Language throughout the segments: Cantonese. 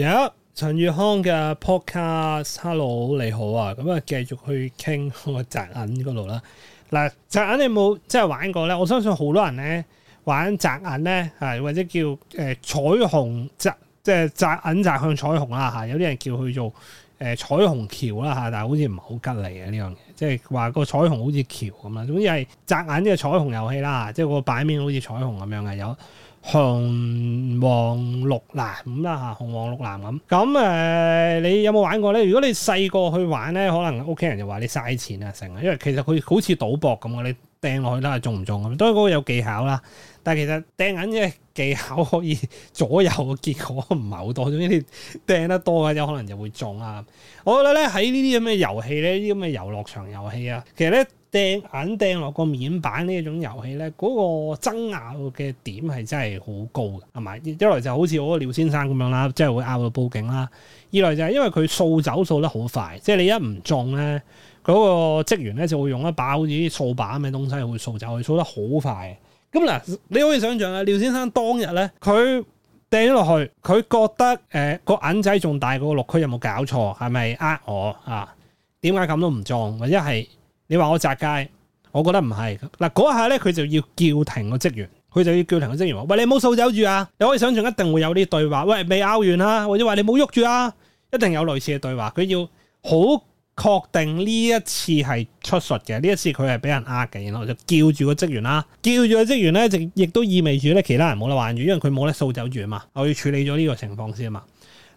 有陳月康嘅 podcast，Hello，你好啊，咁啊，繼續去傾個擲銀嗰度啦。嗱，擲銀你有冇即係玩過咧？我相信好多人咧玩擲銀咧，係或者叫誒、呃、彩虹即係擲銀擲向彩虹啦，吓、啊、有啲人叫佢做誒、呃、彩虹橋啦，吓、啊、但係好似唔係好吉利嘅呢樣嘢，即係話個彩虹好似橋咁啦。總之係擲銀嘅彩虹遊戲啦，即係個擺面好似彩虹咁樣嘅有。啊紅黃綠藍咁啦吓，紅黃綠藍咁。咁、嗯、誒、嗯，你有冇玩過咧？如果你細個去玩咧，可能屋企人就話你嘥錢啊，成啊。因為其實佢好似賭博咁嘅，你掟落去啦，中唔中咁？當然嗰個有技巧啦，但係其實掟緊嘅技巧可以左右嘅結果唔係好多。總之你掟得多嘅有可能就會中啊。嗯嗯、我覺得咧喺呢啲咁嘅遊戲咧，呢啲咁嘅遊樂場遊戲啊，其實咧～掟銀掟落個面板呢一種遊戲咧，嗰、那個爭拗嘅點係真係好高嘅，係咪？一來就好似我個廖先生咁樣啦，即係會拗到報警啦；二來就係因為佢掃走掃得好快，即係你一唔中咧，嗰個職員咧就會用一把好似掃把咁嘅東西去掃走，佢掃得好快。咁嗱，你可以想象啦，廖先生當日咧，佢掟落去，佢覺得誒個銀仔仲大，個六區有冇搞錯？係咪呃我啊？點解咁都唔撞？或者係？你話我砸街，我覺得唔係。嗱嗰下咧，佢就要叫停個職員，佢就要叫停個職員話：喂，你冇掃走住啊！你可以想象一定會有啲對話，喂，未拗完啦，啊，或者話你冇喐住啊，一定有類似嘅對話。佢要好確定呢一次係出術嘅，呢一次佢係俾人呃嘅，然後就叫住個職員啦，叫住個職員咧，亦亦都意味住咧其他人冇得玩住，因為佢冇得掃走住啊嘛，我要處理咗呢個情況先啊嘛。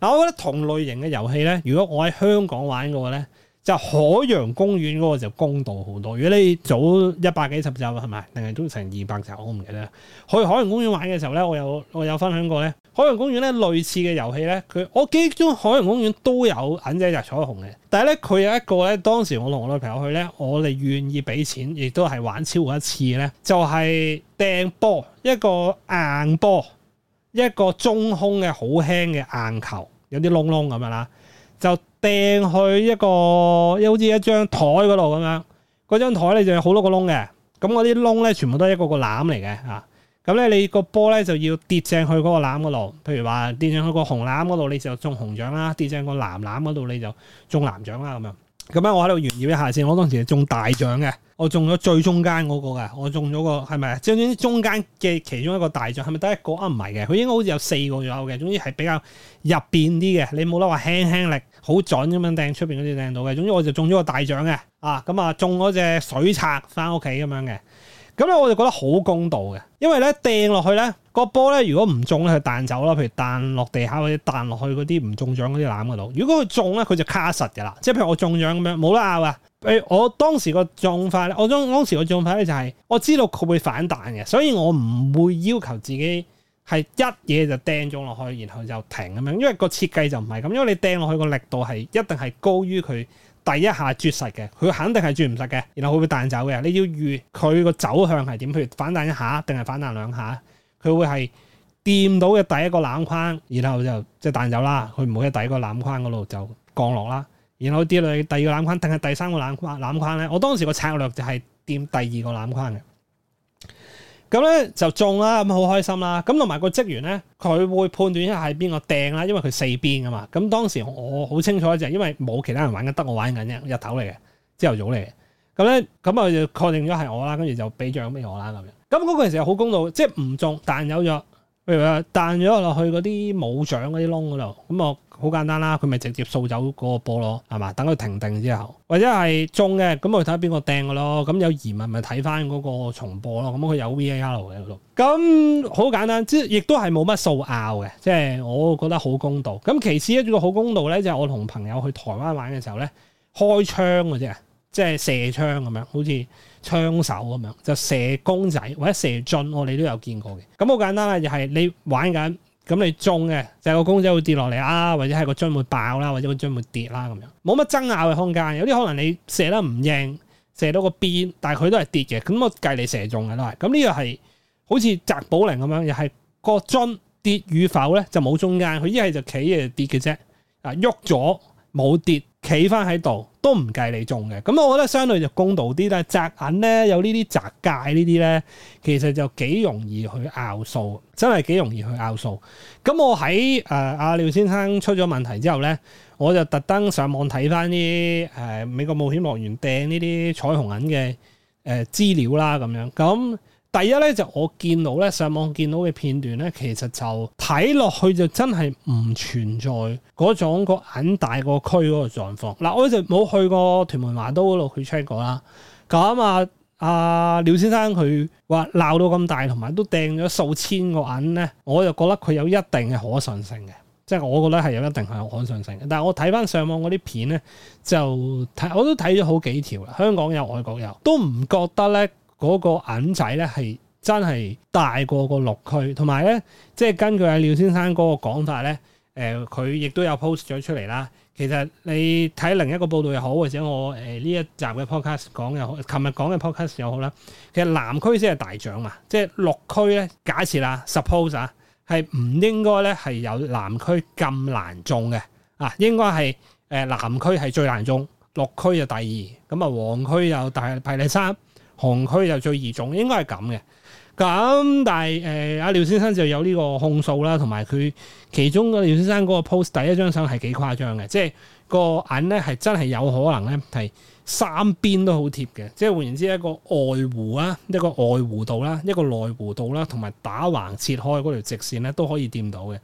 嗱，我覺得同類型嘅遊戲咧，如果我喺香港玩嘅話咧。就海洋公園嗰個就公道好多。如果你早一百幾十集係咪？定係都成二百集？我唔記得。去海洋公園玩嘅時候咧，我有我有分享過咧。海洋公園咧類似嘅遊戲咧，佢我記憶中海洋公園都有銀仔入彩虹嘅。但係咧，佢有一個咧，當時我同我女朋友去咧，我哋願意俾錢，亦都係玩超過一次咧，就係掟波一個硬波，一個中空嘅好輕嘅硬球，有啲窿窿咁樣啦，就。掟去一個，好似一張台嗰度咁樣，嗰張台咧就有好多個窿嘅，咁嗰啲窿咧全部都係一個個籃嚟嘅嚇，咁、啊、咧你個波咧就要跌正去嗰個籃嗰度，譬如話跌正去個紅籃嗰度你就中紅獎啦，跌正個藍籃嗰度你就中藍獎啦咁樣。咁樣我喺度炫耀一下先。我當時中大獎嘅，我中咗最中間嗰個嘅，我中咗個係咪？總之中間嘅其中一個大獎，係咪得一個啊？唔係嘅，佢應該好似有四個左右嘅。總之係比較入邊啲嘅，你冇得話輕輕力好準咁樣掟出邊嗰啲掟到嘅。總之我就中咗個大獎嘅，啊咁、嗯、啊中咗隻水賊翻屋企咁樣嘅。咁咧我就覺得好公道嘅，因為咧掟落去咧。個波咧，如果唔中咧，佢彈走啦。譬如彈落地下嗰啲，或者彈落去嗰啲唔中獎嗰啲籃嗰度。如果佢中咧，佢就卡實嘅啦。即係譬如我中獎咁樣，冇得拗呀！譬如我當時個狀況咧，我當當時個狀況咧就係我知道佢會反彈嘅，所以我唔會要求自己係一嘢就掟中落去，然後就停咁樣。因為個設計就唔係咁，因為你掟落去個力度係一定係高於佢第一下鑄實嘅，佢肯定係鑄唔實嘅，然後佢會彈走嘅。你要預佢個走向係點？譬如反彈一下，定係反彈兩下？佢會係掂到嘅第一個籃框，然後就即係彈走啦。佢唔會喺第一個籃框嗰度就降落啦。然後跌落去第二個籃框定係第三個籃框？籃框咧，我當時個策略就係掂第二個籃框嘅。咁咧就中啦，咁好開心啦。咁同埋個職員咧，佢會判斷一下係邊個掟啦，因為佢四邊噶嘛。咁當時我好清楚就係因為冇其他人玩緊，得我玩緊啫，日頭嚟嘅，朝頭早嚟嘅。咁咧咁啊就確定咗係我啦，跟住就俾獎俾我啦咁樣。咁嗰個其實好公道，即係唔中，彈有咗，譬如話彈咗落去嗰啲冇獎嗰啲窿嗰度，咁啊好簡單啦，佢咪直接掃走嗰個波咯，係嘛？等佢停定之後，或者係中嘅，咁我睇下邊個掟嘅咯，咁有疑問咪睇翻嗰個重播咯，咁佢有 VAR 嘅嗰度，咁好簡單，即亦都係冇乜數拗嘅，即係我覺得好公道。咁其次一個好公道咧，就係、是、我同朋友去台灣玩嘅時候咧，開槍嘅啫，即係射槍咁樣，好似。槍手咁樣就射公仔或者射樽，我哋都有見過嘅。咁好簡單啦，就係你玩緊咁，你中嘅就係個公仔會跌落嚟啦，或者係個樽會爆啦，或者個樽會跌啦咁樣，冇乜爭拗嘅空間。有啲可能你射得唔應，射到個邊，但係佢都係跌嘅。咁我計你射中嘅都係。咁呢個係好似擲保齡咁樣，又係個樽跌與否咧就冇中間，佢一係就企一係跌嘅啫。啊喐咗冇跌，企翻喺度。都唔計你中嘅，咁我覺得相對就公道啲啦。但係集銀咧有呢啲集界呢啲咧，其實就幾容易去拗數，真係幾容易去拗數。咁我喺誒阿廖先生出咗問題之後咧，我就特登上網睇翻啲誒美國冒險樂園掟呢啲彩虹銀嘅誒、呃、資料啦，咁樣咁。第一咧就我見到咧上網見到嘅片段咧，其實就睇落去就真係唔存在嗰種個銀大個區嗰個狀況。嗱、呃，我就冇去過屯門華都嗰度去 check 過啦。咁啊，阿、啊、廖先生佢話鬧到咁大，同埋都掟咗數千個銀咧，我就覺得佢有一定嘅可信性嘅，即係我覺得係有一定係可信性嘅。但係我睇翻上網嗰啲片咧，就睇我都睇咗好幾條喇，香港有，外國有，都唔覺得咧。嗰個銀仔咧係真係大過個六區，同埋咧即係根據阿、啊、廖先生嗰個講法咧，誒佢亦都有 post 咗出嚟啦。其實你睇另一個報道又好，或者我誒呢、呃、一集嘅 podcast 講又好，琴日講嘅 podcast 又好啦。其實南區先係大獎啊，即係六區咧，假設啦、啊、suppose 啊，係唔應該咧係有南區咁難中嘅啊，應該係誒、呃、南區係最難中，六區就第二，咁啊黃區又大排第三。行區就最易重，應該係咁嘅。咁但係誒，阿、呃、廖先生就有呢個控訴啦，同埋佢其中個廖先生嗰個 post 第一張相係幾誇張嘅，即係個眼咧係真係有可能咧係三邊都好貼嘅，即係換言之一個外弧啊，一個外弧度啦，一個內弧度啦，同埋打橫切開嗰條直線咧都可以掂到嘅。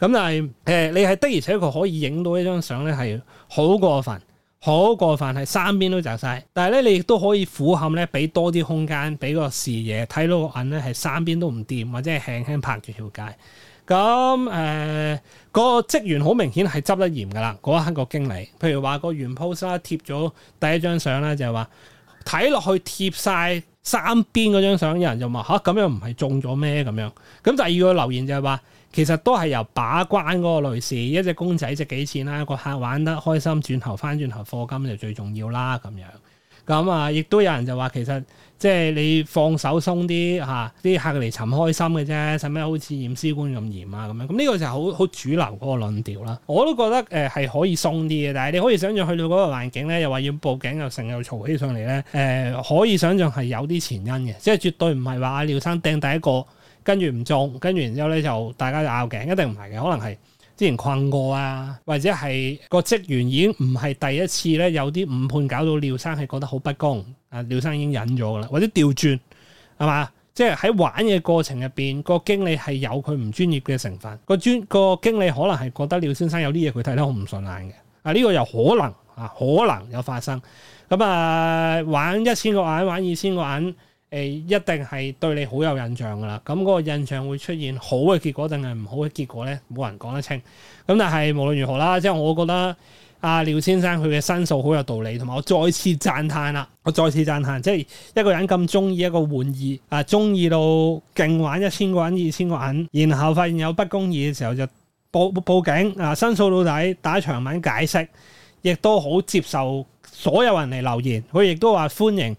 咁但係誒、呃，你係的而且確可以影到一張相咧係好過分。好過分係三邊都走晒。但係咧你亦都可以俯瞰咧，俾多啲空間，俾個視野睇到個銀咧係三邊都唔掂，或者輕輕拍住條街。咁、嗯、誒，呃那個職員好明顯係執得嚴噶啦。嗰一刻個經理，譬如話個原 po 啦貼咗第一張相咧，就係話睇落去貼晒三邊嗰張相有人就話吓，咁、啊、咁樣唔係中咗咩咁樣？咁、嗯、第二個留言就係話。其實都係由把關嗰個類似一隻公仔值幾錢啦、啊，個客玩得開心，轉頭翻轉頭課金就最重要啦咁樣。咁啊，亦都有人就話其實即係你放手鬆啲吓啲客嚟尋開心嘅啫，使咩好似驗屍官咁嚴啊咁樣。咁呢個就係好好主流嗰個論調啦。我都覺得誒係、呃、可以鬆啲嘅，但係你可以想象去到嗰個環境咧，又話要報警又成日嘈起上嚟咧，誒、呃、可以想象係有啲前因嘅，即係絕對唔係話阿廖生掟第一個。跟住唔中，跟住然之後咧就大家拗頸，一定唔係嘅，可能係之前困過啊，或者係個職員已經唔係第一次咧，有啲誤判搞到廖生係覺得好不公，啊廖生已經忍咗噶啦，或者調轉係嘛，即係喺玩嘅過程入邊個經理係有佢唔專業嘅成分，個專個經理可能係覺得廖先生有啲嘢佢睇得好唔順眼嘅，啊呢個又可能啊可能有發生，咁啊玩一千個銀玩二千個銀。玩誒一定係對你好有印象噶啦，咁嗰個印象會出現好嘅結果定係唔好嘅結果呢？冇人講得清。咁但係無論如何啦，即係我覺得阿廖先生佢嘅申訴好有道理，同埋我再次讚歎啦，我再次讚歎，即係一個人咁中意一個玩意，啊中意到勁玩一千個銀二千個銀，然後發現有不公義嘅時候就報報警啊，申訴到底，打長文解釋，亦都好接受所有人嚟留言，佢亦都話歡迎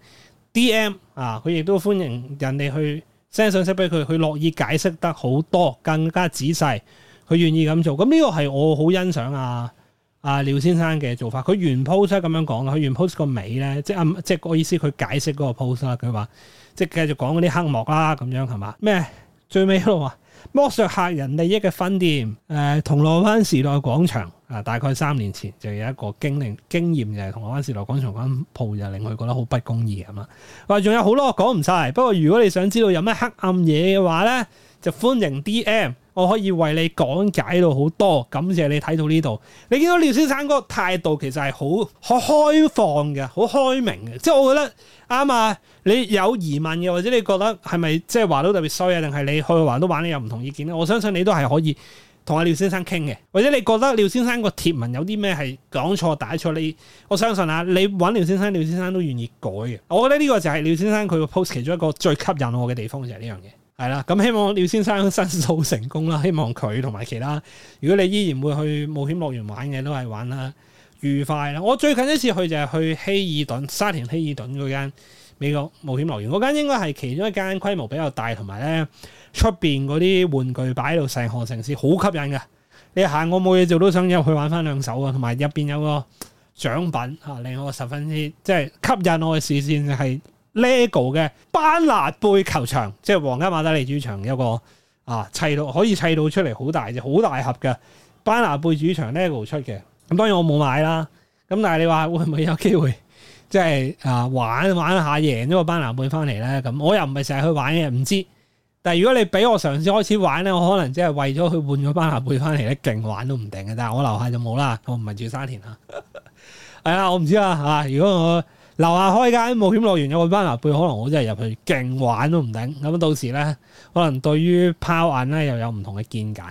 DM。啊！佢亦都歡迎人哋去 send 信息俾佢，佢樂意解釋得好多，更加仔細，佢願意咁做。咁呢個係我好欣賞啊啊廖先生嘅做法。佢原 post 咁樣講啦，佢原 post 個尾咧，即係啊，即係我意思，佢解釋嗰個 post 啦，佢話即係繼續講嗰啲黑幕啦，咁樣係嘛？咩最尾嗰度話剝削客人利益嘅分店，誒、呃、銅鑼灣時代廣場。啊，大概三年前就有一個經歷經驗就，從從就係同我灣氏來廣場間鋪，就令佢覺得好不公義咁啦。樣話仲有好多講唔晒。不過如果你想知道有咩黑暗嘢嘅話咧，就歡迎 DM，我可以為你講解到好多。感謝你睇到呢度，你見到廖先生嗰個態度其實係好好開放嘅，好開明嘅，即係我覺得啱啊！你有疑問嘅，或者你覺得係咪即係華都特別衰啊？定係你去華都玩你有唔同意見咧？我相信你都係可以，同阿廖先生傾嘅，或者你覺得廖先生個貼文有啲咩係講錯打錯呢？我相信啊，你揾廖先生，廖先生都願意改嘅。我覺得呢個就係廖先生佢個 post 其中一個最吸引我嘅地方就係呢樣嘢。係啦，咁希望廖先生申訴成功啦。希望佢同埋其他，如果你依然會去冒險樂園玩嘅，都係玩啦，愉快啦。我最近一次去就係去希爾頓沙田希爾頓嗰間。美國冒險樂園嗰間應該係其中一間規模比較大，同埋咧，出邊嗰啲玩具擺到成行成市，好吸引噶，你行我冇嘢做都想入去玩翻兩手啊！同埋入邊有個獎品吓令我十分之即係吸引我嘅視線，就係 LEGO 嘅班拿貝球場，即係皇家馬德里主場有個啊，砌到可以砌到出嚟好大隻，好大盒嘅班拿貝主場 LEGO 出嘅。咁當然我冇買啦，咁但係你話會唔會有機會？即係啊，玩玩下贏咗個班納貝翻嚟咧，咁我又唔係成日去玩嘅，唔知。但係如果你俾我嘗試開始玩咧，我可能即係為咗去換咗班納貝翻嚟咧，勁玩都唔定嘅。但係我樓下就冇啦，我唔係住沙田 啊。係啊，我唔知啊，係如果我樓下開間冒險樂園有個班納貝，可能我真係入去勁玩都唔定。咁到時咧，可能對於拋銀咧又有唔同嘅見解。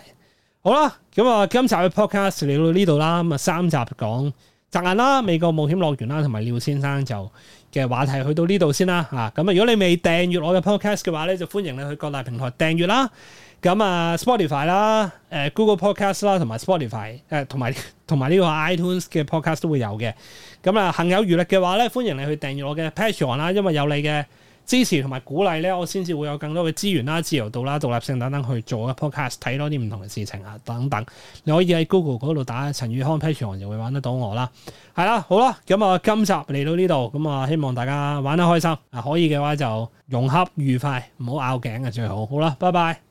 好啦，咁啊，今集嘅 podcast 聊到呢度啦。咁啊，三集講。摘眼啦，美國冒險樂園啦，同埋廖先生就嘅話題去到呢度先啦吓。咁啊，如果你未訂閱我嘅 podcast 嘅話咧，就歡迎你去各大平台訂閱啦。咁啊，Spotify 啦、啊，誒 Google podcast 啦、啊，同埋 Spotify 誒、啊，同埋同埋呢個 iTunes 嘅 podcast 都會有嘅。咁啊，幸有餘力嘅話咧，歡迎你去訂閱我嘅 Patreon 啦，因為有你嘅。支持同埋鼓勵咧，我先至會有更多嘅資源啦、自由度啦、獨立性等等去做嘅 podcast，睇多啲唔同嘅事情啊等等。你可以喺 Google 嗰度打陳宇康 Patreon 就會玩得到我啦。係啦，好啦，咁啊，今集嚟到呢度，咁啊，希望大家玩得開心。啊，可以嘅話就融洽愉快，唔好拗頸啊，最好。好啦，拜拜。